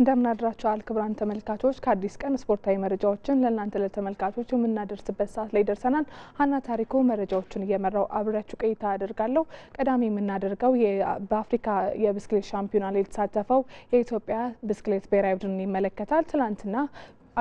እንደምናድራችኋል ክቡራን ተመልካቾች፣ ከአዲስ ቀን ስፖርታዊ መረጃዎችን ለእናንተ ለተመልካቾች የምናደርስበት ሰዓት ላይ ደርሰናል። ሀና ታሪኮ መረጃዎችን እየመራው አብሬያችሁ ቆይታ አደርጋለሁ። ቀዳሚ የምናደርገው በአፍሪካ የብስክሌት ሻምፒዮና ላይ የተሳተፈው የኢትዮጵያ ብስክሌት ብሔራዊ ቡድንን ይመለከታል። ትላንትና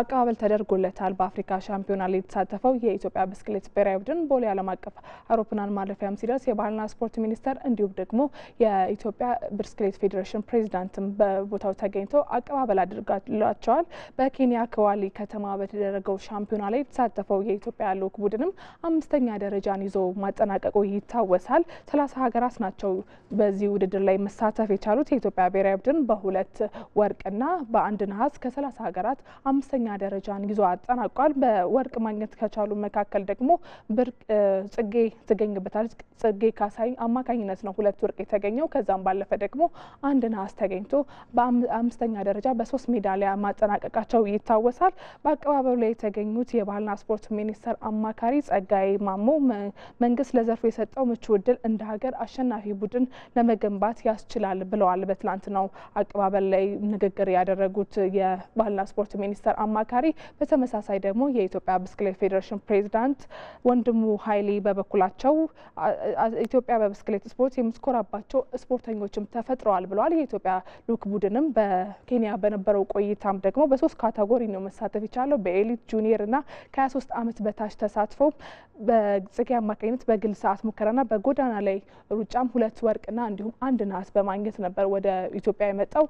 አቀባበል ተደርጎለታል። በአፍሪካ ሻምፒዮና ላይ የተሳተፈው የኢትዮጵያ ብስክሌት ብሔራዊ ቡድን ቦሌ ዓለም አቀፍ አውሮፕላን ማረፊያም ሲደርስ የባህልና ስፖርት ሚኒስቴር እንዲሁም ደግሞ የኢትዮጵያ ብስክሌት ፌዴሬሽን ፕሬዚዳንትም በቦታው ተገኝተው አቀባበል አድርጋላቸዋል። በኬንያ ከዋሊ ከተማ በተደረገው ሻምፒዮና ላይ የተሳተፈው የኢትዮጵያ ልዑክ ቡድንም አምስተኛ ደረጃን ይዞ ማጠናቀቁ ይታወሳል። ሰላሳ ሀገራት ናቸው በዚህ ውድድር ላይ መሳተፍ የቻሉት። የኢትዮጵያ ብሔራዊ ቡድን በሁለት ወርቅና በአንድ ነሐስ ከሰላሳ ሀገራት አምስተኛ ሁለተኛ ደረጃን ይዞ አጠናቋል። በወርቅ ማግኘት ከቻሉ መካከል ደግሞ ብርቅ ጽጌ ትገኝበታለች። ጽጌ ካሳይ አማካኝነት ነው ሁለት ወርቅ የተገኘው። ከዛም ባለፈ ደግሞ አንድ ነሐስ ተገኝቶ በአምስተኛ ደረጃ በሶስት ሜዳሊያ ማጠናቀቃቸው ይታወሳል። በአቀባበሉ ላይ የተገኙት የባህልና ስፖርት ሚኒስቴር አማካሪ ጸጋዬ ማሞ መንግስት ለዘርፉ የሰጠው ምቹ እድል እንደ ሀገር አሸናፊ ቡድን ለመገንባት ያስችላል ብለዋል። በትላንትናው አቀባበል ላይ ንግግር ያደረጉት የባህልና ስፖርት ሚኒስቴር አማካሪ፣ በተመሳሳይ ደግሞ የኢትዮጵያ ብስክሌት ፌዴሬሽን ፕሬዚዳንት ወንድሙ ኃይሌ በበኩላቸው ኢትዮጵያ በብስክሌት ስፖርት የምትኮራባቸው ስፖርተኞችም ተፈጥረዋል ብለዋል። የኢትዮጵያ ልዑክ ቡድንም በኬንያ በነበረው ቆይታም ደግሞ በሶስት ካቴጎሪ ነው መሳተፍ የቻለው በኤሊት ጁኒየር እና ከ23 ዓመት በታች ተሳትፎ በጽጌ አማካኝነት በግል ሰዓት ሙከራና በጎዳና ላይ ሩጫም ሁለት ወርቅና እንዲሁም አንድ ነሐስ በማግኘት ነበር ወደ ኢትዮጵያ የመጣው።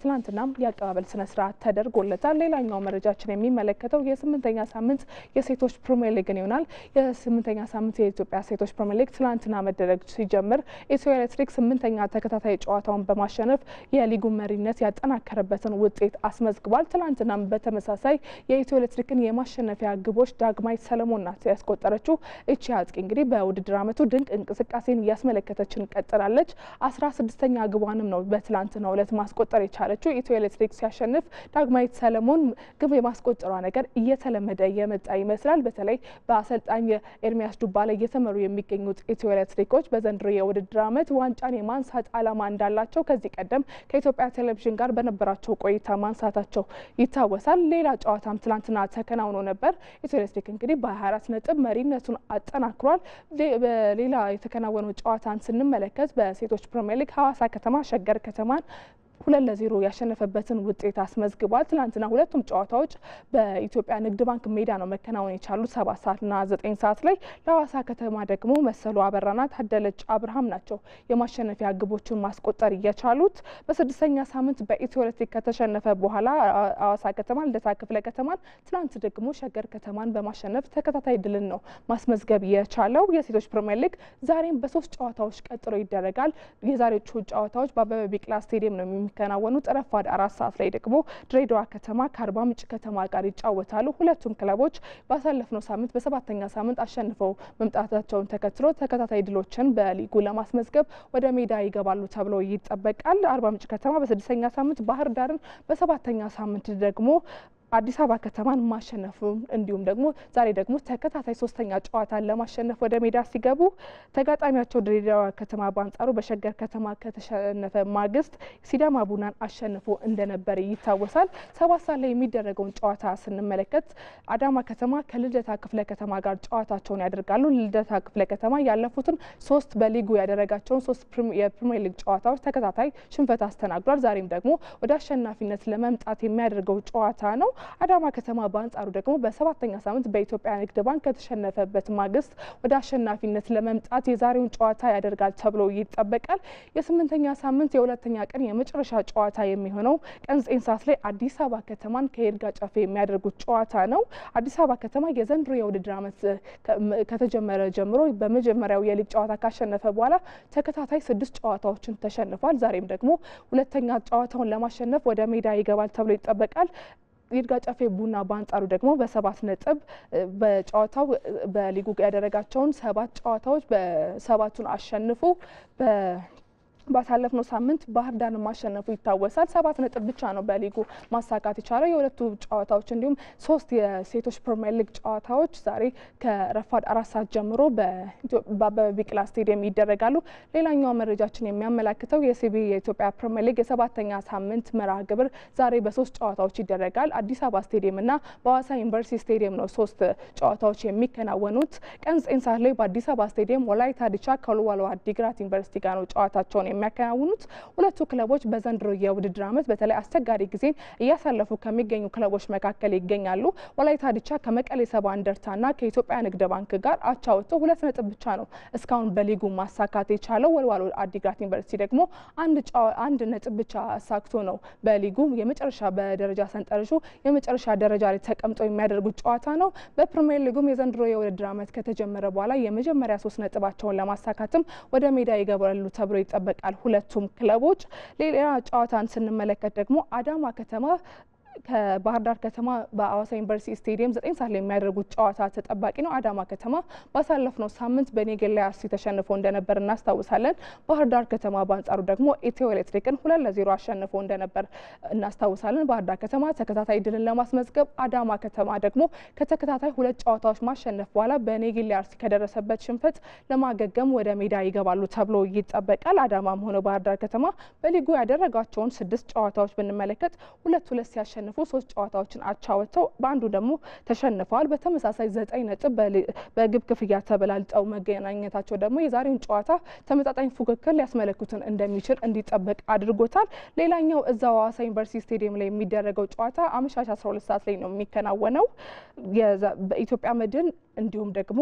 ትላንትናም የአቀባበል ስነስርዓት ተደርጎለታል። ሌላኛው መረጃ መረጃችን የሚመለከተው የስምንተኛ ሳምንት የሴቶች ፕሪሚየር ሊግን ይሆናል። የስምንተኛ ሳምንት የኢትዮጵያ ሴቶች ፕሪሚየር ሊግ ትናንትና መደረግ ሲጀምር ኢትዮ ኤሌክትሪክ ስምንተኛ ተከታታይ ጨዋታውን በማሸነፍ የሊጉ መሪነት ያጠናከረበትን ውጤት አስመዝግቧል። ትናንትናም በተመሳሳይ የኢትዮ ኤሌክትሪክን የማሸነፊያ ግቦች ዳግማይ ሰለሞን ናት ያስቆጠረችው። እቺ አጥቂ እንግዲህ በውድድር ዓመቱ ድንቅ እንቅስቃሴን እያስመለከተችን ቀጥላለች። አስራ ስድስተኛ ግቧንም ነው በትላንትናው ዕለት ማስቆጠር የቻለችው። ኢትዮ ኤሌክትሪክ ሲያሸንፍ ዳግማይት ሰለሞን ግብ ግብ የማስቆጠሯ ነገር እየተለመደ የመጣ ይመስላል። በተለይ በአሰልጣኝ ኤርሚያስ ዱባ ላይ እየተመሩ የሚገኙት ኢትዮ ኤሌክትሪኮች በዘንድሮ የውድድር ዓመት ዋንጫን የማንሳት ዓላማ እንዳላቸው ከዚህ ቀደም ከኢትዮጵያ ቴሌቪዥን ጋር በነበራቸው ቆይታ ማንሳታቸው ይታወሳል። ሌላ ጨዋታም ትላንትና ተከናውኖ ነበር። ኢትዮ ኤሌክትሪክ እንግዲህ በ24 ነጥብ መሪነቱን አጠናክሯል። በሌላ የተከናወነው ጨዋታን ስንመለከት በሴቶች ፕሪሚየር ሊግ ከተማ ሸገር ከተማን ሁለት ለዜሮ ያሸነፈበትን ውጤት አስመዝግቧል። ትናንትና ሁለቱም ጨዋታዎች በኢትዮጵያ ንግድ ባንክ ሜዳ ነው መከናወን የቻሉት ሰባት ሰዓትና ዘጠኝ ሰዓት ላይ ለሀዋሳ ከተማ ደግሞ መሰሉ አበራና ታደለች አብርሃም ናቸው የማሸነፊያ ግቦችን ማስቆጠር እየቻሉት። በስድስተኛ ሳምንት በኢትዮ ኤሌክትሪክ ከተሸነፈ በኋላ ሀዋሳ ከተማ ልደታ ክፍለ ከተማን፣ ትናንት ደግሞ ሸገር ከተማን በማሸነፍ ተከታታይ ድልን ነው ማስመዝገብ የቻለው። የሴቶች ፕሪሚየር ሊግ ዛሬም በሶስት ጨዋታዎች ቀጥሎ ይደረጋል። የዛሬዎቹ ጨዋታዎች በአበበ ቢቅላ ስቴዲየም ነው የሚ የሚከናወኑ ረፋድ አራት ሰዓት ላይ ደግሞ ድሬዳዋ ከተማ ከአርባ ምንጭ ከተማ ጋር ይጫወታሉ። ሁለቱም ክለቦች ባሳለፍነው ሳምንት በሰባተኛ ሳምንት አሸንፈው መምጣታቸውን ተከትሎ ተከታታይ ድሎችን በሊጉ ለማስመዝገብ ወደ ሜዳ ይገባሉ ተብሎ ይጠበቃል። አርባ ምንጭ ከተማ በስድስተኛ ሳምንት ባህር ዳርን በሰባተኛ ሳምንት ደግሞ አዲስ አበባ ከተማን ማሸነፉ እንዲሁም ደግሞ ዛሬ ደግሞ ተከታታይ ሶስተኛ ጨዋታን ለማሸነፍ ወደ ሜዳ ሲገቡ ተጋጣሚያቸው ድሬዳዋ ከተማ በአንጻሩ በሸገር ከተማ ከተሸነፈ ማግስት ሲዳማ ቡናን አሸንፎ እንደነበር ይታወሳል። ሰባት ሰዓት ላይ የሚደረገውን ጨዋታ ስንመለከት አዳማ ከተማ ከልደታ ክፍለ ከተማ ጋር ጨዋታቸውን ያደርጋሉ። ልደታ ክፍለ ከተማ ያለፉትን ሶስት በሊጉ ያደረጋቸውን ሶስት የፕሪሚየር ሊግ ጨዋታዎች ተከታታይ ሽንፈት አስተናግዷል። ዛሬም ደግሞ ወደ አሸናፊነት ለመምጣት የሚያደርገው ጨዋታ ነው። አዳማ ከተማ በአንጻሩ ደግሞ በሰባተኛ ሳምንት በኢትዮጵያ ንግድ ባንክ ከተሸነፈበት ማግስት ወደ አሸናፊነት ለመምጣት የዛሬውን ጨዋታ ያደርጋል ተብሎ ይጠበቃል። የስምንተኛ ሳምንት የሁለተኛ ቀን የመጨረሻ ጨዋታ የሚሆነው ቀን ዘጠኝ ሰዓት ላይ አዲስ አበባ ከተማን ከይርጋ ጨፌ የሚያደርጉት ጨዋታ ነው። አዲስ አበባ ከተማ የዘንድሮ የውድድር ዓመት ከተጀመረ ጀምሮ በመጀመሪያው የሊግ ጨዋታ ካሸነፈ በኋላ ተከታታይ ስድስት ጨዋታዎችን ተሸንፏል። ዛሬም ደግሞ ሁለተኛ ጨዋታውን ለማሸነፍ ወደ ሜዳ ይገባል ተብሎ ይጠበቃል። ይርጋ ጨፌ ቡና በአንጻሩ ደግሞ በሰባት ነጥብ በጨዋታው በሊጉ ያደረጋቸውን ሰባት ጨዋታዎች በሰባቱን አሸንፎ ባሳለፍነው ሳምንት ባህር ዳር ማሸነፉ ይታወሳል። ሰባት ነጥብ ብቻ ነው በሊጉ ማሳካት የቻለው። የሁለቱ ጨዋታዎች እንዲሁም ሶስት የሴቶች ፕሪሚየር ሊግ ጨዋታዎች ዛሬ ከረፋድ አራት ሰዓት ጀምሮ በአበበ ስቴዲየም ይደረጋሉ። ሌላኛው መረጃችን የሚያመላክተው የሲቢ የኢትዮጵያ ፕሪሚየር ሊግ የሰባተኛ ሳምንት መርሃ ግብር ዛሬ በሶስት ጨዋታዎች ይደረጋል። አዲስ አበባ ስቴዲየም እና በሀዋሳ ዩኒቨርሲቲ ስቴዲየም ነው ሶስት ጨዋታዎች የሚከናወኑት። ቀን ዘጠኝ ሰዓት ላይ በአዲስ አበባ ስቴዲየም ወላይታ ዲቻ ከወልዋሎ ዓዲግራት ዩኒቨርሲቲ ጋር ነው ጨዋታቸውን የሚያከናውኑት። ሁለቱ ክለቦች በዘንድሮ የውድድር ዓመት በተለይ አስቸጋሪ ጊዜን እያሳለፉ ከሚገኙ ክለቦች መካከል ይገኛሉ። ወላይታ ዲቻ ከመቀሌ ሰባ እንደርታና ከኢትዮጵያ ንግድ ባንክ ጋር አቻ ወጥቶ ሁለት ነጥብ ብቻ ነው እስካሁን በሊጉ ማሳካት የቻለው። ወልዋሎ አዲግራት ዩኒቨርሲቲ ደግሞ አንድ ነጥብ ብቻ አሳክቶ ነው በሊጉ የመጨረሻ በደረጃ ሰንጠረዡ የመጨረሻ ደረጃ ላይ ተቀምጦ የሚያደርጉት ጨዋታ ነው። በፕሪሚየር ሊጉም የዘንድሮ የውድድር ዓመት ከተጀመረ በኋላ የመጀመሪያ ሶስት ነጥባቸውን ለማሳካትም ወደ ሜዳ ይገባሉ ተብሎ ይጠበቃል። ይጠብቃል ሁለቱም ክለቦች። ሌላ ጨዋታን ስንመለከት ደግሞ አዳማ ከተማ ከባህር ዳር ከተማ በአዋሳ ዩኒቨርሲቲ ስቴዲየም ዘጠኝ ሰዓት ላይ የሚያደርጉት ጨዋታ ተጠባቂ ነው። አዳማ ከተማ ባሳለፍነው ሳምንት በኔገላይ አርሲ ተሸንፎ እንደነበር እናስታውሳለን። ባህር ዳር ከተማ በአንጻሩ ደግሞ ኢትዮ ኤሌክትሪክን ሁለት ለዜሮ አሸንፎ እንደነበር እናስታውሳለን። ባህር ዳር ከተማ ተከታታይ ድልን ለማስመዝገብ፣ አዳማ ከተማ ደግሞ ከተከታታይ ሁለት ጨዋታዎች ማሸነፍ በኋላ በኔገላይ አርሲ ከደረሰበት ሽንፈት ለማገገም ወደ ሜዳ ይገባሉ ተብሎ ይጠበቃል። አዳማም ሆነ ባህር ዳር ከተማ በሊጉ ያደረጋቸውን ስድስት ጨዋታዎች ብንመለከት ሁለት ሁለት ሲያሸንፍ ሲያሸንፉ ሶስት ጨዋታዎችን አቻ ወጥተው በአንዱ ደግሞ ተሸንፈዋል። በተመሳሳይ ዘጠኝ ነጥብ በግብ ክፍያ ተበላልጠው መገናኘታቸው ደግሞ የዛሬውን ጨዋታ ተመጣጣኝ ፉክክር ሊያስመለክቱን እንደሚችል እንዲጠበቅ አድርጎታል። ሌላኛው እዛው ሀዋሳ ዩኒቨርሲቲ ስቴዲየም ላይ የሚደረገው ጨዋታ አመሻሽ 12 ሰዓት ላይ ነው የሚከናወነው። በኢትዮጵያ መድን እንዲሁም ደግሞ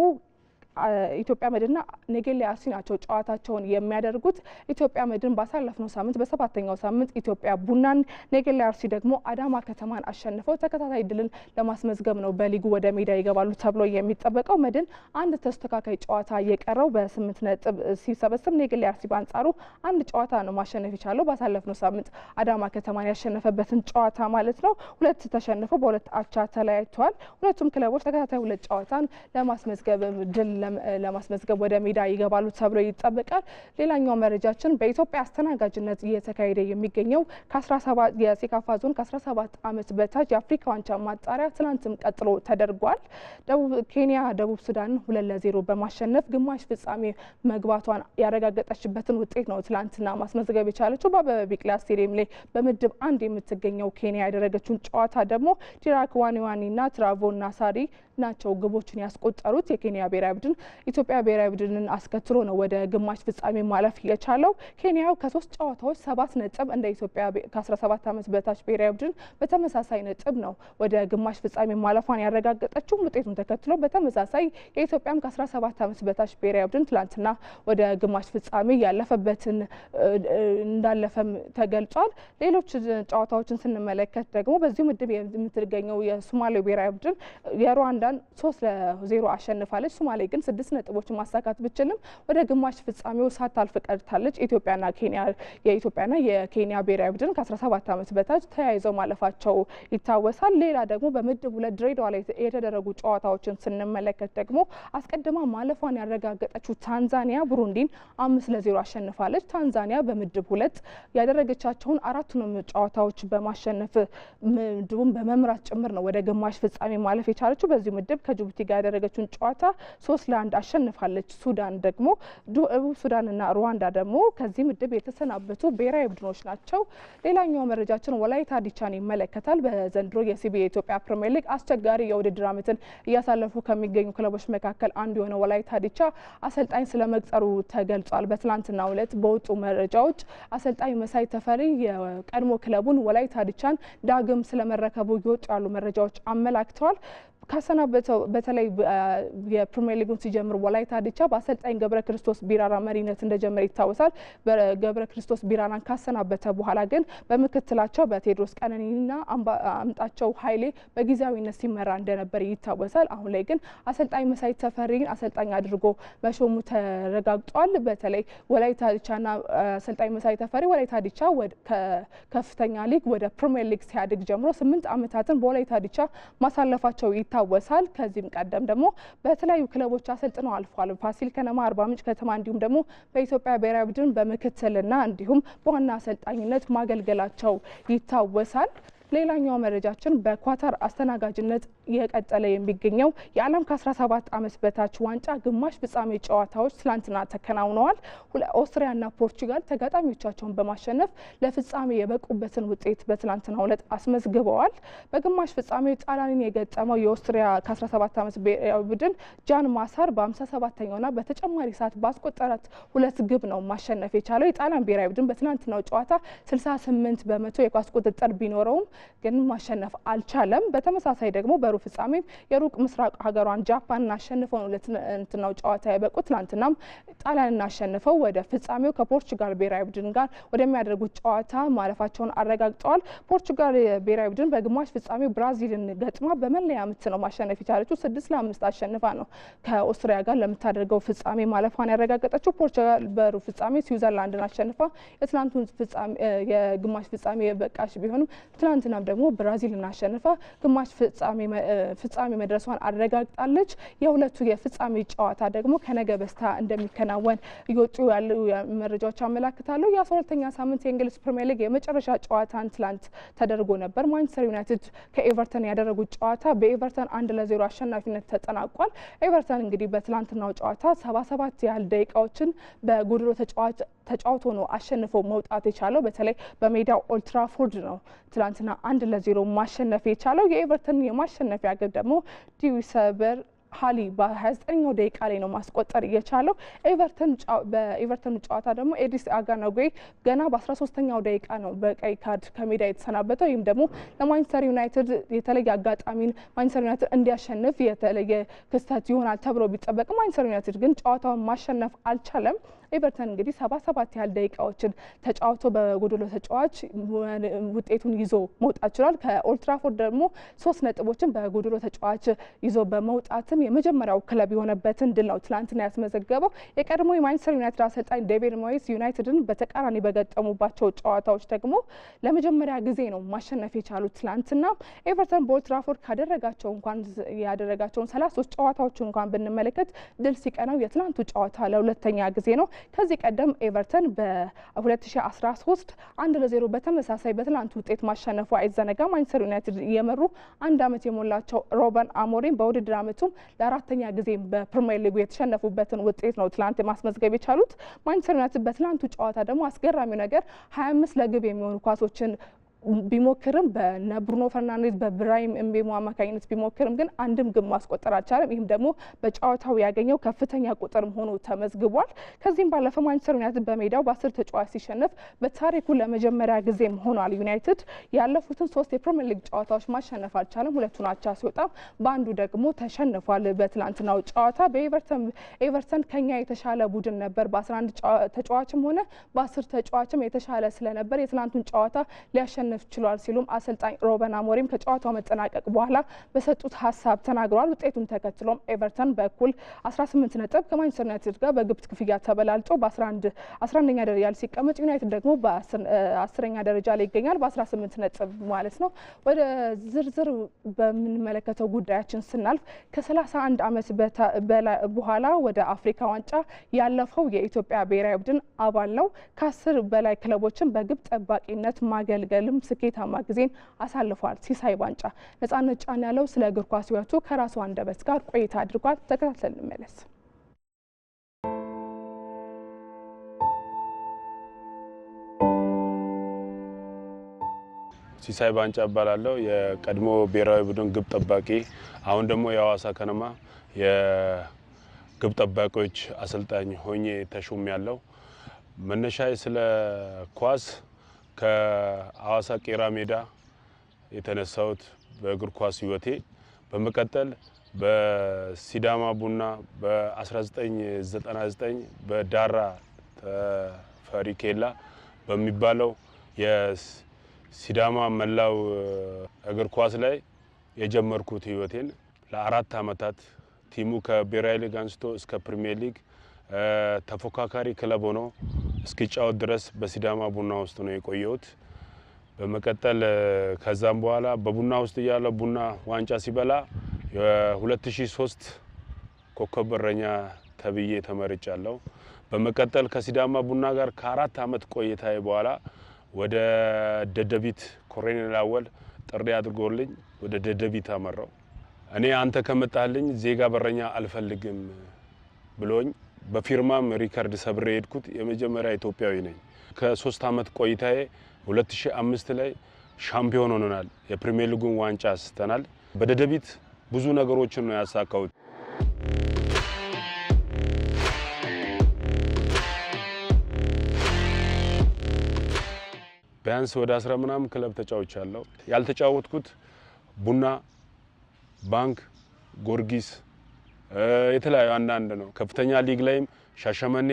ኢትዮጵያ መድንና ነገሌ አርሲ ናቸው ጨዋታቸውን የሚያደርጉት። ኢትዮጵያ መድን ባሳለፍነው ሳምንት በሰባተኛው ሳምንት ኢትዮጵያ ቡናን፣ ነገሌ አርሲ ደግሞ አዳማ ከተማን አሸንፈው ተከታታይ ድልን ለማስመዝገብ ነው በሊጉ ወደ ሜዳ ይገባሉ ተብሎ የሚጠበቀው። መድን አንድ ተስተካካይ ጨዋታ የቀረው በስምንት ነጥብ ሲሰበስብ፣ ነገሌ አርሲ በአንጻሩ አንድ ጨዋታ ነው ማሸነፍ የቻለው ባሳለፍነው ሳምንት አዳማ ከተማን ያሸነፈበትን ጨዋታ ማለት ነው። ሁለት ተሸንፈው በሁለት አቻ ተለያይተዋል። ሁለቱም ክለቦች ተከታታይ ሁለት ጨዋታን ለማስመዝገብ ድል ለማስመዝገብ ወደ ሜዳ ይገባሉ ተብሎ ይጠበቃል። ሌላኛው መረጃችን በኢትዮጵያ አስተናጋጅነት እየተካሄደ የሚገኘው የሴካፋ ዞን ከ17 ዓመት በታች የአፍሪካ ዋንጫ ማጣሪያ ትናንትም ቀጥሎ ተደርጓል። ኬንያ ደቡብ ሱዳንን ሁለት ለዜሮ በማሸነፍ ግማሽ ፍጻሜ መግባቷን ያረጋገጠችበትን ውጤት ነው ትላንትና ማስመዝገብ የቻለችው። በአበበ ቢቂላ ስቴዲየም ላይ በምድብ አንድ የምትገኘው ኬንያ ያደረገችውን ጨዋታ ደግሞ ዲራክ ዋኒዋኒና ትራቮ ናሳሪ ናቸው ግቦችን ያስቆጠሩት። የኬንያ ብሔራዊ ቡድን ኢትዮጵያ ብሔራዊ ቡድንን አስከትሎ ነው ወደ ግማሽ ፍጻሜ ማለፍ የቻለው። ኬንያ ከሶስት ጨዋታዎች ሰባት ነጥብ እንደ ኢትዮጵያ ከ17 ዓመት በታች ብሔራዊ ቡድን በተመሳሳይ ነጥብ ነው ወደ ግማሽ ፍጻሜ ማለፏን ያረጋገጠችው። ውጤቱን ተከትሎ በተመሳሳይ የኢትዮጵያም ከ17 ዓመት በታች ብሔራዊ ቡድን ትላንትና ወደ ግማሽ ፍጻሜ ያለፈበትን እንዳለፈም ተገልጿል። ሌሎች ጨዋታዎችን ስንመለከት ደግሞ በዚሁ ምድብ የምትገኘው የሶማሌው ብሔራዊ ቡድን የሩዋንዳ ሱዳን ሶስት ለዜሮ አሸንፋለች። ሶማሌ ግን ስድስት ነጥቦች ማሳካት ብችልም ወደ ግማሽ ፍጻሜው ሳታልፍ ቀርታለች። ኢትዮጵያና ኬንያ የኢትዮጵያና የኬንያ ብሔራዊ ቡድን ከ17 ዓመት በታች ተያይዘው ማለፋቸው ይታወሳል። ሌላ ደግሞ በምድብ ሁለት ድሬዳዋ ላይ የተደረጉ ጨዋታዎችን ስንመለከት ደግሞ አስቀድማ ማለፏን ያረጋገጠችው ታንዛኒያ ቡሩንዲን አምስት ለዜሮ አሸንፋለች። ታንዛኒያ በምድብ ሁለት ያደረገቻቸውን አራቱንም ጨዋታዎች በማሸነፍ ምድቡን በመምራት ጭምር ነው ወደ ግማሽ ፍጻሜ ማለፍ የቻለችው። በዚህ በዚህ ምድብ ከጅቡቲ ጋር ያደረገችውን ጨዋታ ሶስት ለአንድ አሸንፋለች። ሱዳን ደግሞ ደቡብ ሱዳንና ሩዋንዳ ደግሞ ከዚህ ምድብ የተሰናበቱ ብሔራዊ ቡድኖች ናቸው። ሌላኛው መረጃችን ወላይታ ዲቻን ይመለከታል። በዘንድሮ የሲቢ የኢትዮጵያ ፕሪምየር ሊግ አስቸጋሪ የውድድር ዓመትን እያሳለፉ ከሚገኙ ክለቦች መካከል አንዱ የሆነ ወላይታ ዲቻ አሰልጣኝ ስለ መቅጠሩ ተገልጿል። በትላንትና ዕለት በወጡ መረጃዎች አሰልጣኝ መሳይ ተፈሪ የቀድሞ ክለቡን ወላይታ ዲቻን ዳግም ስለመረከቡ ይወጡ ያሉ መረጃዎች አመላክተዋል። የተሰናበተው በተለይ የፕሪሚየር ሊጉን ሲጀምር ወላይታ ዲቻ በአሰልጣኝ ገብረ ክርስቶስ ቢራራ መሪነት እንደጀመረ ይታወሳል። ገብረ ክርስቶስ ቢራራን ካሰናበተ በኋላ ግን በምክትላቸው በቴዎድሮስ ቀነኒና አምጣቸው ኃይሌ በጊዜያዊነት ሲመራ እንደነበር ይታወሳል። አሁን ላይ ግን አሰልጣኝ መሳይ ተፈሪን አሰልጣኝ አድርጎ መሾሙ ተረጋግጧል። በተለይ ወላይታ ድቻና አሰልጣኝ መሳይ ተፈሪ ወላይታ ዲቻ ከፍተኛ ሊግ ወደ ፕሪሚየር ሊግ ሲያድግ ጀምሮ ስምንት ዓመታትን በወላይታ ድቻ ማሳለፋቸው ይታወሳል። ይጠቀሳል። ከዚህም ቀደም ደግሞ በተለያዩ ክለቦች አሰልጥነው አልፏል። ፋሲል ከነማ፣ አርባ ምንጭ ከተማ እንዲሁም ደግሞ በኢትዮጵያ ብሔራዊ ቡድን በምክትልና እንዲሁም በዋና አሰልጣኝነት ማገልገላቸው ይታወሳል። ሌላኛው መረጃችን በኳታር አስተናጋጅነት የቀጠለ የሚገኘው የዓለም ከ17 ዓመት በታች ዋንጫ ግማሽ ፍጻሜ ጨዋታዎች ትላንትና ተከናውነዋል። ኦስትሪያና ፖርቹጋል ተጋጣሚዎቻቸውን በማሸነፍ ለፍጻሜ የበቁበትን ውጤት በትላንትናው ዕለት አስመዝግበዋል። በግማሽ ፍጻሜ ጣሊያንን የገጠመው የኦስትሪያ ከ17 ዓመት ብሔራዊ ቡድን ጃን ማሳር በ57ኛውና በተጨማሪ ሰዓት ባስቆጠረት ሁለት ግብ ነው ማሸነፍ የቻለው። የጣሊያን ብሔራዊ ቡድን በትላንትናው ጨዋታ 68 በመቶ የኳስ ቁጥጥር ቢኖረውም ግን ማሸነፍ አልቻለም። በተመሳሳይ ደግሞ በሩብ ፍጻሜም የሩቅ ምስራቅ ሀገሯን ጃፓንን አሸንፈው ለትናንትናው ጨዋታ ያበቁ። ትናንትናም ጣሊያንን አሸንፈው ወደ ፍጻሜው ከፖርቹጋል ብሔራዊ ቡድን ጋር ወደሚያደርጉት ጨዋታ ማለፋቸውን አረጋግጠዋል። ፖርቹጋል ብሔራዊ ቡድን በግማሽ ፍጻሜው ብራዚልን ገጥማ በመለያ ምት ነው ማሸነፍ የቻለችው። ስድስት ለአምስት አሸንፋ ነው ከኦስትሪያ ጋር ለምታደርገው ፍጻሜ ማለፏን ያረጋገጠችው። ፖርቹጋል በሩብ ፍጻሜ ስዊዘርላንድን አሸንፋ የትናንቱን የግማሽ ፍጻሜ የበቃሽ ቢሆንም ትናንት ቬትናም ደግሞ ብራዚልን አሸንፋ ግማሽ ፍጻሜ መድረሷን አረጋግጣለች። የሁለቱ የፍጻሜ ጨዋታ ደግሞ ከነገ በስታ እንደሚከናወን እየወጡ ያሉ መረጃዎች አመላክታሉ። የአስራ ሁለተኛ ሳምንት የእንግሊዝ ፕሪሚየር ሊግ የመጨረሻ ጨዋታን ትላንት ተደርጎ ነበር። ማንቸስተር ዩናይትድ ከኤቨርተን ያደረጉት ጨዋታ በኤቨርተን አንድ ለዜሮ አሸናፊነት ተጠናቋል። ኤቨርተን እንግዲህ በትላንትናው ጨዋታ ሰባ ሰባት ያህል ደቂቃዎችን በጉድሮ ተጫዋች ተጫውቶ ነው አሸንፎ መውጣት የቻለው። በተለይ በሜዳው ኦልትራፎርድ ነው ትላንትና አንድ ለዜሮ ማሸነፍ የቻለው። የኤቨርተን የማሸነፊያ ግብ ደግሞ ዲዊሰበር ሀሊ በ29ኛው ደቂቃ ላይ ነው ማስቆጠር እየቻለው። በኤቨርተኑ ጨዋታ ደግሞ ኤዲስ አጋናጎይ ገና በ13ኛው ደቂቃ ነው በቀይ ካርድ ከሜዳ የተሰናበተው። ይህም ደግሞ ለማንቸስተር ዩናይትድ የተለየ አጋጣሚን ማንቸስተር ዩናይትድ እንዲያሸንፍ የተለየ ክስተት ይሆናል ተብሎ ቢጠበቅም ማንቸስተር ዩናይትድ ግን ጨዋታውን ማሸነፍ አልቻለም። ኤቨርተን እንግዲህ ሰባ ሰባት ያህል ደቂቃዎችን ተጫውቶ በጎዶሎ ተጫዋች ውጤቱን ይዞ መውጣት ችሏል። ከኦልትራፎርድ ደግሞ ሶስት ነጥቦችን በጎዶሎ ተጫዋች ይዞ በመውጣትም የመጀመሪያው ክለብ የሆነበትን ድል ነው ትላንትና ያስመዘገበው። የቀድሞ የማንቸስተር ዩናይትድ አሰልጣኝ ዴቪድ ሞይስ ዩናይትድን በተቃራኒ በገጠሙባቸው ጨዋታዎች ደግሞ ለመጀመሪያ ጊዜ ነው ማሸነፍ የቻሉት። ትላንትና ኤቨርተን በኦልትራፎርድ ካደረጋቸው እንኳን ያደረጋቸውን ሰላሳ ሶስት ጨዋታዎችን እንኳን ብንመለከት ድል ሲቀናው የትላንቱ ጨዋታ ለሁለተኛ ጊዜ ነው። ከዚህ ቀደም ኤቨርተን በ2013 አንድ ለዜሮ በተመሳሳይ በትላንት ውጤት ማሸነፉ አይዘነጋ። ማንቸስተር ዩናይትድ እየመሩ አንድ አመት የሞላቸው ሮበን አሞሪም በውድድር አመቱም ለአራተኛ ጊዜ በፕሪሚየር ሊጉ የተሸነፉበትን ውጤት ነው ትላንት ማስመዝገብ የቻሉት። ማንቸስተር ዩናይትድ በትላንቱ ጨዋታ ደግሞ አስገራሚው ነገር 25 ለግብ የሚሆኑ ኳሶችን ቢሞክርም በነ ብሩኖ ፈርናንዴዝ በብራይም ኤምቤሞ አማካኝነት ቢሞክርም ግን አንድም ግብ ማስቆጠር አልቻለም። ይህም ደግሞ በጨዋታው ያገኘው ከፍተኛ ቁጥርም ሆኖ ተመዝግቧል። ከዚህም ባለፈ ማንቸስተር ዩናይትድ በሜዳው በአስር ተጫዋች ሲሸነፍ በታሪኩ ለመጀመሪያ ጊዜም ሆኗል። ዩናይትድ ያለፉትን ሶስት የፕሪምየር ሊግ ጨዋታዎች ማሸነፍ አልቻለም። ሁለቱን አቻ ሲወጣም በአንዱ ደግሞ ተሸንፏል። በትላንትናው ጨዋታ በኤቨርተን ከኛ የተሻለ ቡድን ነበር። በ11 ተጫዋችም ሆነ በአስር ተጫዋችም የተሻለ ስለነበር የትላንቱን ጨዋታ ሊያሸንፍ ማሸነፍ ችሏል ሲሉም አሰልጣኝ ሮበን አሞሪም ከጨዋታው መጠናቀቅ በኋላ በሰጡት ሀሳብ ተናግረዋል። ውጤቱን ተከትሎም ኤቨርተን በኩል 18 ነጥብ ከማንቸስተር ዩናይትድ ጋር በግብት ክፍያ ተበላልጦ በ11ኛ ደረጃ ላይ ሲቀመጥ፣ ዩናይትድ ደግሞ በአስረኛ ደረጃ ላይ ይገኛል በ18 ነጥብ ማለት ነው። ወደ ዝርዝር በምንመለከተው ጉዳያችን ስናልፍ ከ31 ዓመት በኋላ ወደ አፍሪካ ዋንጫ ያለፈው የኢትዮጵያ ብሔራዊ ቡድን አባል ነው። ከአስር በላይ ክለቦችን በግብ ጠባቂነት ማገልገልም ስኬታማ ጊዜን አሳልፏል። ሲሳይ ዋንጫ ነጻነት ጫን ያለው ስለ እግር ኳስ ሕይወቱ ከራሱ አንደበት ጋር ቆይታ አድርጓል። ተከታተል እንመለስ። ሲሳይ ባንጫ እባላለሁ። የቀድሞ ብሔራዊ ቡድን ግብ ጠባቂ፣ አሁን ደግሞ የሀዋሳ ከነማ የግብ ጠባቂዎች አሰልጣኝ ሆኜ ተሹም ያለው መነሻዬ ስለ ኳስ ከአዋሳ ቄራ ሜዳ የተነሳሁት በእግር ኳስ ህይወቴ በመቀጠል በሲዳማ ቡና በ1999 በዳራ ተፈሪኬላ በሚባለው የሲዳማ መላው እግር ኳስ ላይ የጀመርኩት ህይወቴን ለአራት ዓመታት ቲሙ ከብሔራዊ ሊግ አንስቶ እስከ ፕሪሚየር ሊግ ተፎካካሪ ክለብ ሆኖ እስኪጫወት ድረስ በሲዳማ ቡና ውስጥ ነው የቆየሁት። በመቀጠል ከዛም በኋላ በቡና ውስጥ እያለ ቡና ዋንጫ ሲበላ የ2003 ኮከብ በረኛ ተብዬ ተመርጫለሁ። በመቀጠል ከሲዳማ ቡና ጋር ከአራት ዓመት ቆይታ በኋላ ወደ ደደቢት ኮሎኔል አወል ጥሪ አድርጎልኝ ወደ ደደቢት አመራው። እኔ አንተ ከመጣልኝ ዜጋ በረኛ አልፈልግም ብሎኝ በፊርማም ሪከርድ ሰብሬ የሄድኩት የመጀመሪያ ኢትዮጵያዊ ነኝ። ከሶስት ዓመት ቆይታዬ 2005 ላይ ሻምፒዮን ሆነናል። የፕሪሚየር ሊጉን ዋንጫ አስተናል። በደደቢት ብዙ ነገሮችን ነው ያሳካሁት። ቢያንስ ወደ አስራ ምናምን ክለብ ተጫውቻለሁ። ያልተጫወትኩት ቡና፣ ባንክ፣ ጎርጊስ የተለያዩ አንዳንድ ነው። ከፍተኛ ሊግ ላይም ሻሸመኔ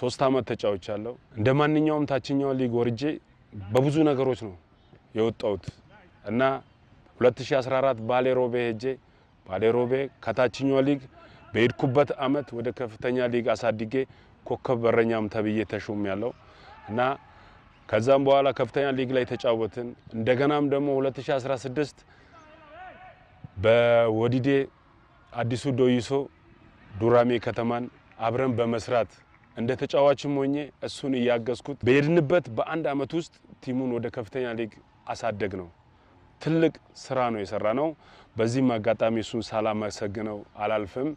ሶስት አመት ተጫውቻለሁ። እንደ ማንኛውም ታችኛው ሊግ ወርጄ በብዙ ነገሮች ነው የወጣሁት እና 2014 ባሌ ሮቤ ሄጄ ባሌ ሮቤ ከታችኛው ሊግ በሄድኩበት አመት ወደ ከፍተኛ ሊግ አሳድጌ ኮከብ በረኛም ተብዬ ተሾም ያለው እና ከዛም በኋላ ከፍተኛ ሊግ ላይ ተጫወትን። እንደገናም ደግሞ 2016 በወዲዴ አዲሱ ዶይሶ ዱራሜ ከተማን አብረን በመስራት እንደ ተጫዋችም ሆኜ እሱን እያገዝኩት በሄድንበት በአንድ አመት ውስጥ ቲሙን ወደ ከፍተኛ ሊግ አሳደግ ነው። ትልቅ ስራ ነው የሰራ ነው። በዚህም አጋጣሚ እሱን ሳላመሰግነው አላልፍም።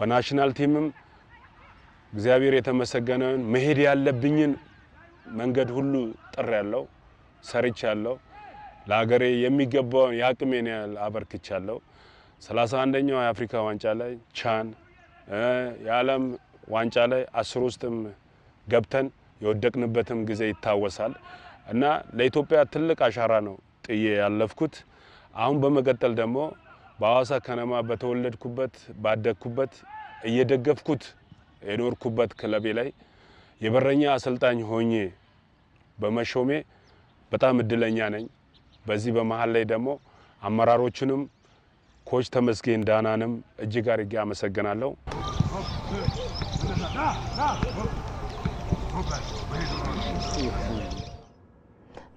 በናሽናል ቲምም እግዚአብሔር የተመሰገነውን መሄድ ያለብኝን መንገድ ሁሉ ጥር ያለው ሰርች ያለው ለሀገሬ የሚገባውን የአቅሜን ያህል አበርክቻለሁ። ሰላሳ አንደኛው የአፍሪካ ዋንጫ ላይ ቻን የዓለም ዋንጫ ላይ አስር ውስጥም ገብተን የወደቅንበትም ጊዜ ይታወሳል እና ለኢትዮጵያ ትልቅ አሻራ ነው ጥዬ ያለፍኩት። አሁን በመቀጠል ደግሞ በሐዋሳ ከነማ በተወለድኩበት ባደግኩበት እየደገፍኩት የኖርኩበት ክለቤ ላይ የበረኛ አሰልጣኝ ሆኜ በመሾሜ በጣም እድለኛ ነኝ። በዚህ በመሀል ላይ ደግሞ አመራሮችንም ኮች ተመስገን ዳናንም እጅግ አድርጌ አመሰግናለሁ።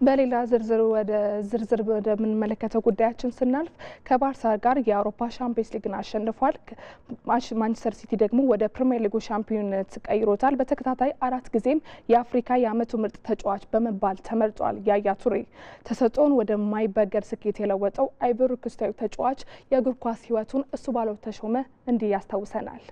በሌላ ዝርዝር ወደ ዝርዝር ወደምንመለከተው ጉዳያችን ስናልፍ ከባርሳ ጋር የአውሮፓ ሻምፒዮንስ ሊግን አሸንፏል። ማንቸስተር ሲቲ ደግሞ ወደ ፕሪምየር ሊጉ ሻምፒዮንነት ቀይሮታል። በተከታታይ አራት ጊዜም የአፍሪካ የአመቱ ምርጥ ተጫዋች በመባል ተመርጧል። ያያ ቱሬ ተሰጥኦን ወደማይበገር ስኬት የለወጠው አይቮሪ ተጫዋች የእግር ኳስ ህይወቱን እሱ ባለው ተሾመ እንዲህ ያስታውሰናል።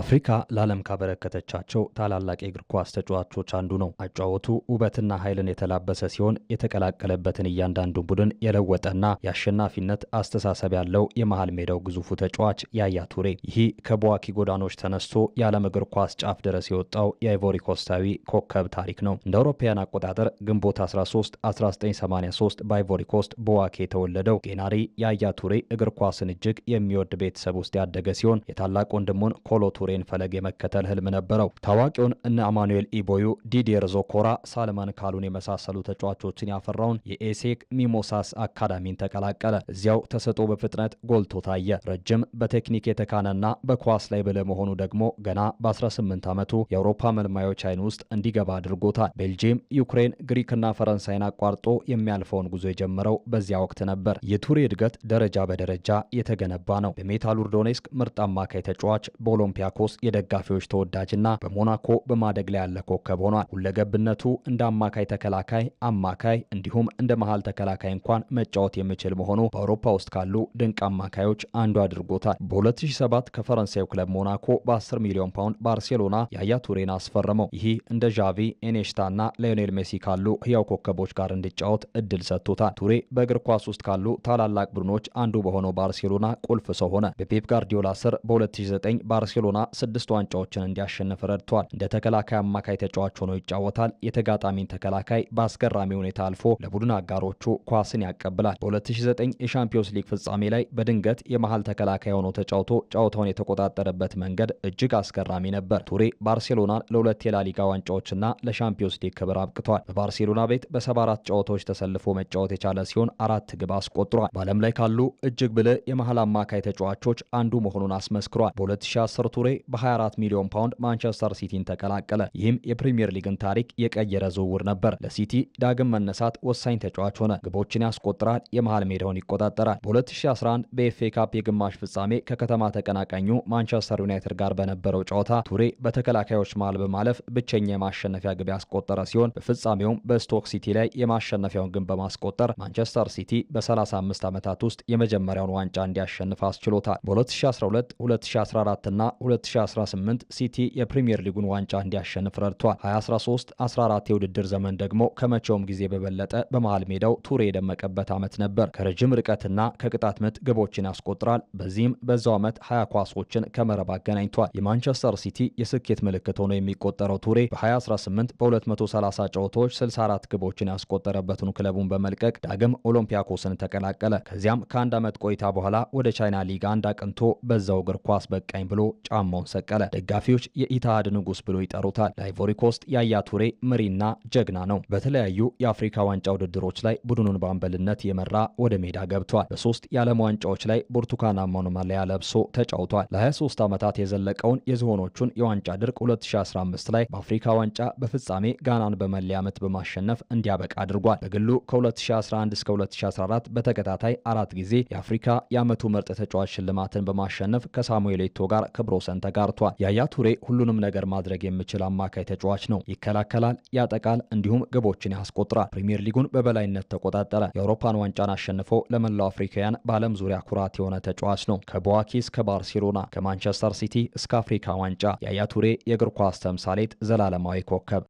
አፍሪካ ለዓለም ካበረከተቻቸው ታላላቅ የእግር ኳስ ተጫዋቾች አንዱ ነው። አጫወቱ ውበትና ኃይልን የተላበሰ ሲሆን የተቀላቀለበትን እያንዳንዱን ቡድን የለወጠና የአሸናፊነት አስተሳሰብ ያለው የመሃል ሜዳው ግዙፉ ተጫዋች ያያ ቱሬ። ይህ ከቡዋኪ ጎዳኖች ተነስቶ የዓለም እግር ኳስ ጫፍ ድረስ የወጣው የአይቮሪ ኮስታዊ ኮከብ ታሪክ ነው። እንደ አውሮፓውያን አቆጣጠር ግንቦት 13 1983 በአይቮሪ ኮስት ቡዋኪ የተወለደው ጌናሪ ያያ ቱሬ እግር ኳስን እጅግ የሚወድ ቤተሰብ ውስጥ ያደገ ሲሆን የታላቅ ወንድሙን ኮሎቱ ቱሬን ፈለግ የመከተል ህልም ነበረው። ታዋቂውን እነ አማኑኤል ኢቦዩ፣ ዲዲየር ዞኮራ፣ ሳልማን ካሉን የመሳሰሉ ተጫዋቾችን ያፈራውን የኤሴክ ሚሞሳስ አካዳሚን ተቀላቀለ። እዚያው ተሰጦ በፍጥነት ጎልቶ ታየ። ረጅም በቴክኒክ የተካነና በኳስ ላይ ብለ መሆኑ ደግሞ ገና በ18 ዓመቱ የአውሮፓ መልማዮች አይን ውስጥ እንዲገባ አድርጎታል። ቤልጅየም፣ ዩክሬን፣ ግሪክና ፈረንሳይን አቋርጦ የሚያልፈውን ጉዞ የጀመረው በዚያ ወቅት ነበር። የቱሬ እድገት ደረጃ በደረጃ የተገነባ ነው። በሜታሉር ዶኔስክ ምርጥ አማካይ ተጫዋች፣ በኦሎምፒያ ኦሎምፒያኮስ የደጋፊዎች ተወዳጅና በሞናኮ በማደግ ላይ ያለ ኮከብ ሆኗል። ሁለገብነቱ እንደ አማካይ ተከላካይ፣ አማካይ እንዲሁም እንደ መሀል ተከላካይ እንኳን መጫወት የሚችል መሆኑ በአውሮፓ ውስጥ ካሉ ድንቅ አማካዮች አንዱ አድርጎታል። በ2007 ከፈረንሳዩ ክለብ ሞናኮ በ10 ሚሊዮን ፓውንድ ባርሴሎና ያያ ቱሬን አስፈረመው። ይህ እንደ ዣቪ ኢኔሽታና ሊዮኔል ሜሲ ካሉ ህያው ኮከቦች ጋር እንዲጫወት እድል ሰጥቶታል። ቱሬ በእግር ኳስ ውስጥ ካሉ ታላላቅ ቡድኖች አንዱ በሆነው ባርሴሎና ቁልፍ ሰው ሆነ። በፔፕ ጋርዲዮላ ስር በ2009 ባርሴሎና ስድስት ዋንጫዎችን እንዲያሸንፍ ረድቷል። እንደ ተከላካይ አማካይ ተጫዋች ሆኖ ይጫወታል። የተጋጣሚን ተከላካይ በአስገራሚ ሁኔታ አልፎ ለቡድን አጋሮቹ ኳስን ያቀብላል። በ2009 የሻምፒዮንስ ሊግ ፍጻሜ ላይ በድንገት የመሃል ተከላካይ ሆኖ ተጫውቶ ጨዋታውን የተቆጣጠረበት መንገድ እጅግ አስገራሚ ነበር። ቱሬ ባርሴሎናን ለሁለት የላሊጋ ዋንጫዎችና ለሻምፒዮንስ ሊግ ክብር አብቅቷል። በባርሴሎና ቤት በ74 ጨዋታዎች ተሰልፎ መጫወት የቻለ ሲሆን አራት ግብ አስቆጥሯል። በዓለም ላይ ካሉ እጅግ ብልህ የመሃል አማካይ ተጫዋቾች አንዱ መሆኑን አስመስክሯል። በ2010 ቱሬ ሮይ በ24 ሚሊዮን ፓውንድ ማንቸስተር ሲቲን ተቀላቀለ። ይህም የፕሪምየር ሊግን ታሪክ የቀየረ ዝውውር ነበር። ለሲቲ ዳግም መነሳት ወሳኝ ተጫዋች ሆነ። ግቦችን ያስቆጥራል፣ የመሃል ሜዳውን ይቆጣጠራል። በ2011 በኤፍኤ ካፕ የግማሽ ፍጻሜ ከከተማ ተቀናቃኙ ማንቸስተር ዩናይትድ ጋር በነበረው ጨዋታ ቱሬ በተከላካዮች መሃል በማለፍ ብቸኛ የማሸነፊያ ግብ ያስቆጠረ ሲሆን በፍጻሜውም በስቶክ ሲቲ ላይ የማሸነፊያውን ግብ በማስቆጠር ማንቸስተር ሲቲ በ35 ዓመታት ውስጥ የመጀመሪያውን ዋንጫ እንዲያሸንፍ አስችሎታል። በ2012 2014 እና 2018 ሲቲ የፕሪምየር ሊጉን ዋንጫ እንዲያሸንፍ ረድቷል። 2013 14 የውድድር ዘመን ደግሞ ከመቼውም ጊዜ በበለጠ በመሃል ሜዳው ቱሬ የደመቀበት ዓመት ነበር። ከረጅም ርቀትና ከቅጣት ምት ግቦችን ያስቆጥራል። በዚህም በዛው ዓመት 20 ኳሶችን ከመረብ አገናኝቷል። የማንቸስተር ሲቲ የስኬት ምልክት ሆኖ የሚቆጠረው ቱሬ በ2018 በ230 ጨዋታዎች 64 ግቦችን ያስቆጠረበትን ክለቡን በመልቀቅ ዳግም ኦሎምፒያኮስን ተቀላቀለ። ከዚያም ከአንድ ዓመት ቆይታ በኋላ ወደ ቻይና ሊግ አንድ አቅንቶ በዛው እግር ኳስ በቃኝ ብሎ ጫ ጫማውን ሰቀለ። ደጋፊዎች የኢትሃድ ንጉስ ብሎ ይጠሩታል። ለአይቮሪ ኮስት ያያ ቱሬ መሪና ጀግና ነው። በተለያዩ የአፍሪካ ዋንጫ ውድድሮች ላይ ቡድኑን በአምበልነት የመራ ወደ ሜዳ ገብቷል። በሶስት የዓለም ዋንጫዎች ላይ ብርቱካናማውን ማሊያ ለብሶ ተጫውቷል። ለ23 ዓመታት የዘለቀውን የዝሆኖቹን የዋንጫ ድርቅ 2015 ላይ በአፍሪካ ዋንጫ በፍጻሜ ጋናን በመለያ ምት በማሸነፍ እንዲያበቃ አድርጓል። በግሉ ከ2011 እስከ 2014 በተከታታይ አራት ጊዜ የአፍሪካ የዓመቱ ምርጥ ተጫዋች ሽልማትን በማሸነፍ ከሳሙኤል ኤቶ ጋር ክብረ ወሰን ፐርሰንት ተጋርቷል። ያያ ቱሬ ሁሉንም ነገር ማድረግ የሚችል አማካይ ተጫዋች ነው። ይከላከላል፣ ያጠቃል፣ እንዲሁም ግቦችን ያስቆጥራል። ፕሪምየር ሊጉን በበላይነት ተቆጣጠረ። የአውሮፓን ዋንጫን አሸንፎ ለመላው አፍሪካውያን በዓለም ዙሪያ ኩራት የሆነ ተጫዋች ነው። ከቦዋኪ እስከ ባርሴሎና፣ ከማንቸስተር ሲቲ እስከ አፍሪካ ዋንጫ ያያ ቱሬ የእግር ኳስ ተምሳሌት ዘላለማዊ ኮከብ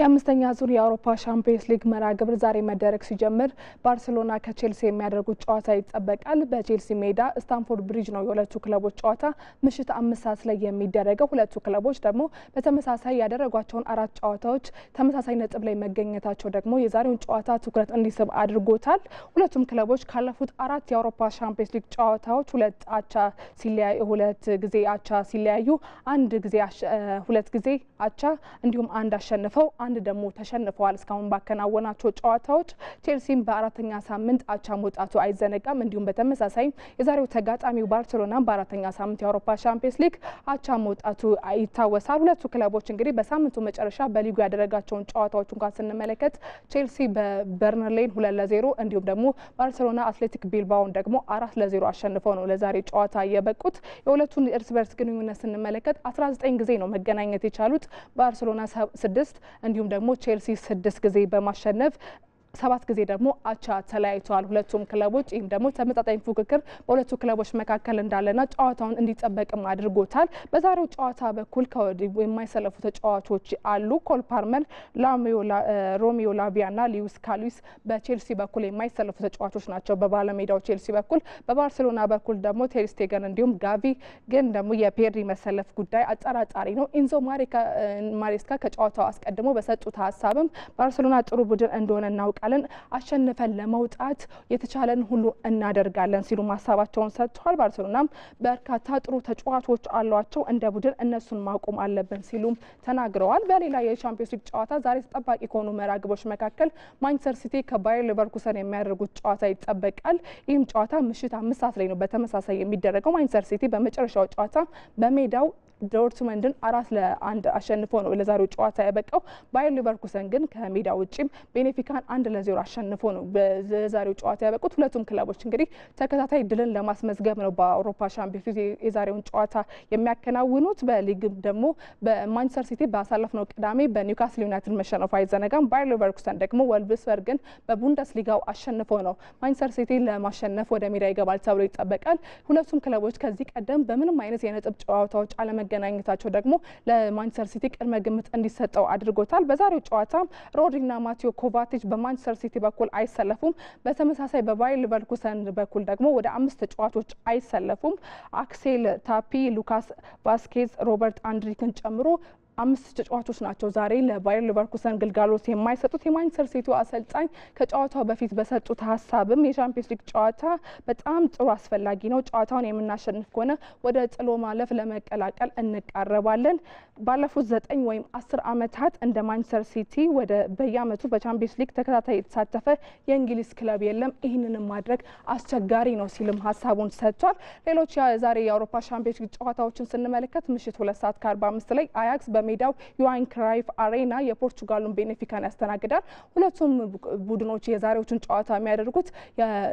የአምስተኛ ዙር የአውሮፓ ሻምፒዮንስ ሊግ መርሃ ግብር ዛሬ መደረግ ሲጀምር ባርሴሎና ከቼልሲ የሚያደርጉት ጨዋታ ይጠበቃል። በቼልሲ ሜዳ ስታንፎርድ ብሪጅ ነው የሁለቱ ክለቦች ጨዋታ ምሽት አምስት ሰዓት ላይ የሚደረገው። ሁለቱ ክለቦች ደግሞ በተመሳሳይ ያደረጓቸውን አራት ጨዋታዎች ተመሳሳይ ነጥብ ላይ መገኘታቸው ደግሞ የዛሬውን ጨዋታ ትኩረት እንዲስብ አድርጎታል። ሁለቱም ክለቦች ካለፉት አራት የአውሮፓ ሻምፒዮንስ ሊግ ጨዋታዎች ሁለት አቻ ሲለያዩ ሁለት ጊዜ አቻ ሲለያዩ አንድ ጊዜ ሁለት ጊዜ አቻ እንዲሁም አንድ አሸንፈው አንድ ደግሞ ተሸንፈዋል። እስካሁን ባከናወናቸው ጨዋታዎች ቼልሲም በአራተኛ ሳምንት አቻ መውጣቱ አይዘነጋም። እንዲሁም በተመሳሳይ የዛሬው ተጋጣሚው ባርሴሎና በአራተኛ ሳምንት የአውሮፓ ሻምፒየንስ ሊግ አቻ መውጣቱ ይታወሳል። ሁለቱ ክለቦች እንግዲህ በሳምንቱ መጨረሻ በሊጉ ያደረጋቸውን ጨዋታዎች እንኳን ስንመለከት ቼልሲ በበርንሌን ሁለት ለዜሮ እንዲሁም ደግሞ ባርሴሎና አትሌቲክ ቢልባውን ደግሞ አራት ለዜሮ አሸንፈው ነው ለዛሬ ጨዋታ የበቁት። የሁለቱን እርስ በርስ ግንኙነት ስንመለከት 19 ጊዜ ነው መገናኘት የቻሉት ባርሴሎና ስድስት እንዲሁም ደግሞ ቼልሲ ስድስት ጊዜ በማሸነፍ ሰባት ጊዜ ደግሞ አቻ ተለያይተዋል ሁለቱም ክለቦች። ይህም ደግሞ ተመጣጣኝ ፉክክር በሁለቱ ክለቦች መካከል እንዳለና ጨዋታውን እንዲጠበቅም አድርጎታል። በዛሬው ጨዋታ በኩል ከወዲሁ የማይሰለፉ ተጫዋቾች አሉ። ኮል ፓርመር፣ ሮሚዮ ላቪያ ና ሊዩስ ካሉስ በቼልሲ በኩል የማይሰለፉ ተጫዋቾች ናቸው። በባለሜዳው ቼልሲ በኩል በባርሴሎና በኩል ደግሞ ቴርስቴገን እንዲሁም ጋቪ ግን ደግሞ የፔሪ መሰለፍ ጉዳይ አጠራጣሪ ነው። ኢንዞ ማሬስካ ከጨዋታው አስቀድሞ በሰጡት ሀሳብም ባርሴሎና ጥሩ ቡድን እንደሆነ እናውቃል ቃልን አሸንፈን ለመውጣት የተቻለን ሁሉ እናደርጋለን ሲሉ ሀሳባቸውን ሰጥተዋል። ባርሴሎናም በርካታ ጥሩ ተጫዋቾች አሏቸው፣ እንደ ቡድን እነሱን ማቆም አለብን ሲሉም ተናግረዋል። በሌላ የቻምፒዮንስ ሊግ ጨዋታ ዛሬ ተጠባቂ ከሆኑ መራግቦች መካከል ማንቸስተር ሲቲ ከባየር ሊቨርኩሰን የሚያደርጉት ጨዋታ ይጠበቃል። ይህም ጨዋታ ምሽት አምስት ሰዓት ላይ ነው በተመሳሳይ የሚደረገው። ማንቸስተር ሲቲ በመጨረሻው ጨዋታ በሜዳው ዶርትመንድን አራት ለአንድ አሸንፎ ነው ለዛሬው ጨዋታ ያበቃው። ባየር ሊቨርኩሰን ግን ከሜዳ ውጭም ቤኔፊካን አንድ ለዜሮ አሸንፎ ነው ለዛሬው ጨዋታ ያበቁት። ሁለቱም ክለቦች እንግዲህ ተከታታይ ድልን ለማስመዝገብ ነው በአውሮፓ ሻምፒዮንስ ሊግ የዛሬውን ጨዋታ የሚያከናውኑት። በሊግም ደግሞ በማንቸስተር ሲቲ ባሳለፍነው ቅዳሜ በኒውካስል ዩናይትድ መሸነፉ አይዘነጋም። ባየር ሊቨርኩሰን ደግሞ ወልብስበርግን በቡንደስሊጋው አሸንፎ ነው ማንቸስተር ሲቲ ለማሸነፍ ወደ ሜዳ ይገባል ተብሎ ይጠበቃል። ሁለቱም ክለቦች ከዚህ ቀደም በምንም አይነት የነጥብ ጨዋታዎች አለመገ መገናኘታቸው ደግሞ ለማንቸስተር ሲቲ ቅድመ ግምት እንዲሰጠው አድርጎታል። በዛሬው ጨዋታም ሮድሪና ማቴዮ ኮቫቲች በማንቸስተር ሲቲ በኩል አይሰለፉም። በተመሳሳይ በባየር ሊቨርኩሰን በኩል ደግሞ ወደ አምስት ተጫዋቾች አይሰለፉም። አክሴል ታፒ፣ ሉካስ ቫስኬዝ፣ ሮበርት አንድሪክን ጨምሮ አምስት ተጫዋቾች ናቸው ዛሬ ለባየር ሊቨርኩሰን ግልጋሎት የማይሰጡት። የማንቸስተር ሲቲ አሰልጣኝ ከጨዋታው በፊት በሰጡት ሀሳብም የሻምፒዮንስ ሊግ ጨዋታ በጣም ጥሩ አስፈላጊ ነው፣ ጨዋታውን የምናሸንፍ ከሆነ ወደ ጥሎ ማለፍ ለመቀላቀል እንቃረባለን። ባለፉት ዘጠኝ ወይም አስር ዓመታት እንደ ማንቸስተር ሲቲ ወደ በየአመቱ በቻምፒዮንስ ሊግ ተከታታይ የተሳተፈ የእንግሊዝ ክለብ የለም፣ ይህንንም ማድረግ አስቸጋሪ ነው ሲልም ሀሳቡን ሰጥቷል። ሌሎች ዛሬ የአውሮፓ ሻምፒዮንስ ሊግ ጨዋታዎችን ስንመለከት ምሽት ሁለት ሰዓት ከአርባ አምስት ላይ አያክስ በሜዳው ዮሃን ክራይፍ አሬና የፖርቹጋሉን ቤኔፊካን ያስተናግዳል። ሁለቱም ቡድኖች የዛሬዎቹን ጨዋታ የሚያደርጉት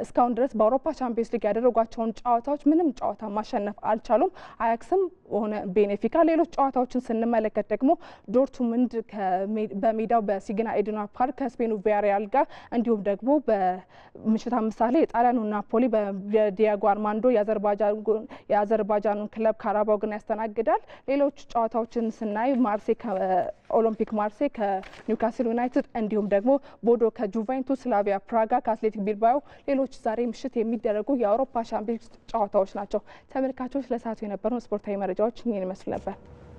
እስካሁን ድረስ በአውሮፓ ቻምፒየንስ ሊግ ያደረጓቸውን ጨዋታዎች ምንም ጨዋታ ማሸነፍ አልቻሉም። አያክስም ሆነ ቤኔፊካ። ሌሎች ጨዋታዎችን ስንመለከት ደግሞ ዶርትሙንድ በሜዳው በሲግና ኢዱና ፓርክ ከስፔኑ ቪያሪያል ጋር እንዲሁም ደግሞ በምሽት ምሳሌ የጣሊያኑ ናፖሊ በዲያጎ አርማንዶ የአዘርባጃኑን ክለብ ግን ያስተናግዳል። ሌሎች ጨዋታዎችን ስናይ ማርሴ ኦሎምፒክ ማርሴ ከኒውካስል ዩናይትድ እንዲሁም ደግሞ ቦዶ ከጁቬንቱስ፣ ስላቪያ ፕራጋ ከአትሌቲክ ቢልባዮ ሌሎች ዛሬ ምሽት የሚደረጉ የአውሮፓ ሻምፒዮንስ ጨዋታዎች ናቸው። ተመልካቾች ለሰዓቱ የነበረውን ስፖርታዊ መረጃ መረጃዎች ይህን ይመስሉ ነበር።